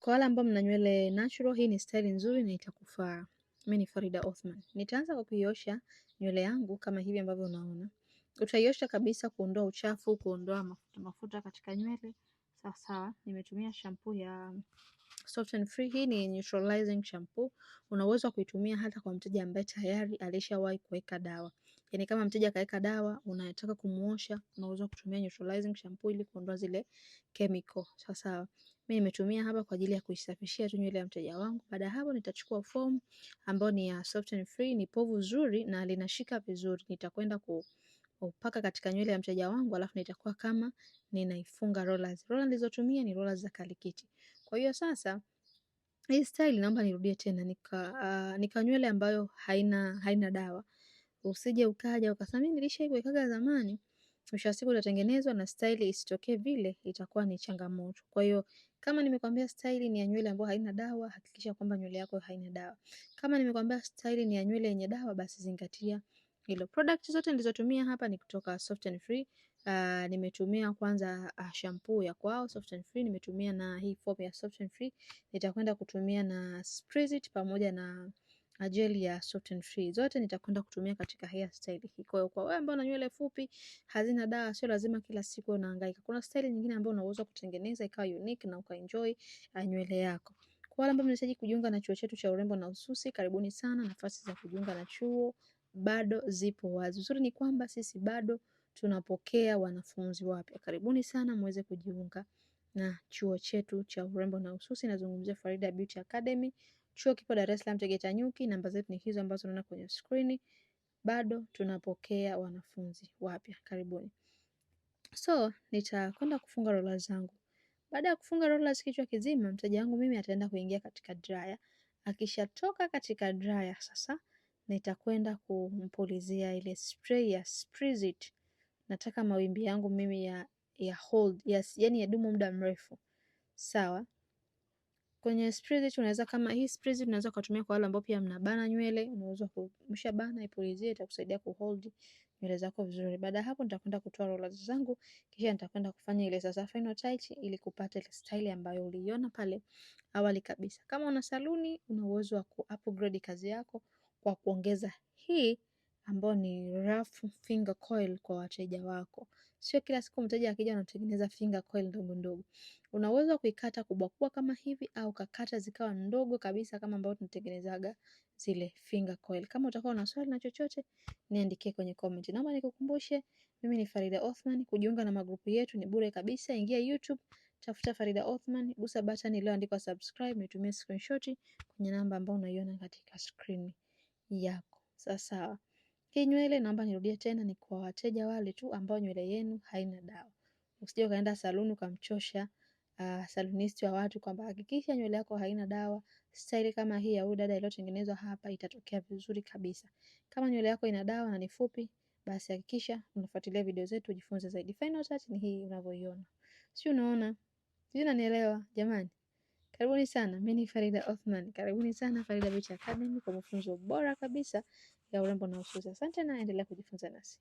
Kwa wale ambao mna nywele natural, hii ni style nzuri na itakufaa. Mimi ni Farida Othman. Nitaanza kwa kuiosha nywele yangu kama hivi ambavyo unaona. Utaiosha kabisa kuondoa uchafu, kuondoa mafuta mafuta katika nywele. Sawa sawa, nimetumia shampoo ya um, Soft and Free. Hii ni neutralizing shampoo. Una uwezo wa kuitumia hata kwa mteja ambaye tayari alishawahi kuweka dawa. Yani kama mteja akaweka dawa unataka kumuosha, unaweza kutumia neutralizing shampoo ili kuondoa zile chemical. Sasa Mimi nimetumia hapa kwa ajili ya kuisafishia tu nywele ya mteja wangu. Baada ya hapo nitachukua foam ambayo ni ya soft and free, ni povu zuri na linashika vizuri. Nitakwenda ku upaka katika nywele ya mteja wangu, alafu nitakuwa kama ninaifunga rollers. Rollers nilizotumia ni rollers za kalikiti. Kwa hiyo sasa hii style naomba nirudie tena nika, uh, nika nywele ambayo haina haina dawa usije ukaja ukasema mimi nilishaiwekaga zamani, mwisho wa siku itatengenezwa na staili isitokee vile, itakuwa ni changamoto. Kwa hiyo kama nimekwambia staili ni ya nywele ambayo haina dawa, hakikisha kwamba nywele yako haina dawa. Kama nimekwambia staili ni ya nywele yenye dawa, basi zingatia hilo. Product zote nilizotumia hapa ni kutoka Soft and Free. Uh, nimetumia kwanza uh, shampoo ya kwao Soft and Free, nimetumia na hii foam ya Soft and Free, nitakwenda kutumia na Spritz pamoja na na gel ya Soft and Free. Zote nitakwenda kutumia katika hairstyle hii. Kwa hiyo kwa wewe ambao una nywele fupi hazina dawa, sio lazima kila siku unahangaika. Kuna style nyingine ambayo unaweza kutengeneza ikawa unique na ukaenjoy ah, nywele yako. Kwa wale ambao mnahitaji kujiunga na chuo chetu cha urembo na ususi, karibuni sana. Nafasi za kujiunga na chuo bado zipo wazi. Uzuri ni kwamba sisi bado tunapokea wanafunzi wapya. Karibuni sana muweze kujiunga na chuo chetu cha urembo na ususi. Nazungumzia Farida Beauty Academy. Chuo kipo Dar es Salaam Tegeta-Nyuki. Namba zetu ni hizo ambazo unaona kwenye skrini. Bado tunapokea wanafunzi wapya, karibuni. So nitakwenda kufunga rola zangu. Baada ya kufunga rola kichwa kizima, mteja wangu mimi ataenda kuingia katika dryer. Akishatoka katika dryer, sasa nitakwenda kumpulizia ile spray ya Sprizit. Nataka mawimbi yangu mimi ya ya hold, yes, yani yadumu muda mrefu. Sawa. Kwenye spray unaweza kama hii spray unaweza kutumia kwa wale ambao pia mnabana nywele, unaweza kumsha bana ipulizia, itakusaidia kuhold nywele zako vizuri. Baada hapo nitakwenda kutoa rollers zangu, kisha nitakwenda kufanya ile sasa final touch ili kupata ile style ambayo uliiona pale awali kabisa. Kama una saluni, una uwezo wa kuupgrade kazi yako kwa kuongeza hii ambayo ni rough finger coil kwa wateja wako. Sio kila siku mteja akija anatengeneza finger coil ndogo ndogo. Unaweza kuikata kubwa kubwa kama hivi au kakata zikawa ndogo kabisa kama ambavyo tunatengenezaga zile finger coil. Kama utakuwa na swali na chochote, niandikie kwenye comment. Naomba nikukumbushe, mimi ni Farida Othman. Kujiunga na magrupu yetu ni bure kabisa. Ingia YouTube, tafuta Farida Othman, gusa button iliyoandikwa subscribe, nitumie screenshot kwenye namba ambayo unaiona katika screen yako. Sawa sawa hii nywele naomba nirudie tena, ni kwa wateja wale tu ambao nywele yenu haina dawa. Usije ukaenda saluni ukamchosha uh, salunisti wa watu kwamba hakikisha nywele yako haina dawa. Staili kama hii ya huyu dada iliyotengenezwa hapa itatokea vizuri kabisa. Kama nywele yako ina dawa na ni fupi, basi hakikisha unafuatilia video zetu ujifunze zaidi. Final touch ni hii unavyoiona, si unaona? Sio, unanielewa jamani. Karibuni sana, mimi ni Farida Othman. Karibuni sana Farida Beauty Academy kwa mafunzo bora kabisa ya urembo na ususi. Asante na endelea kujifunza nasi.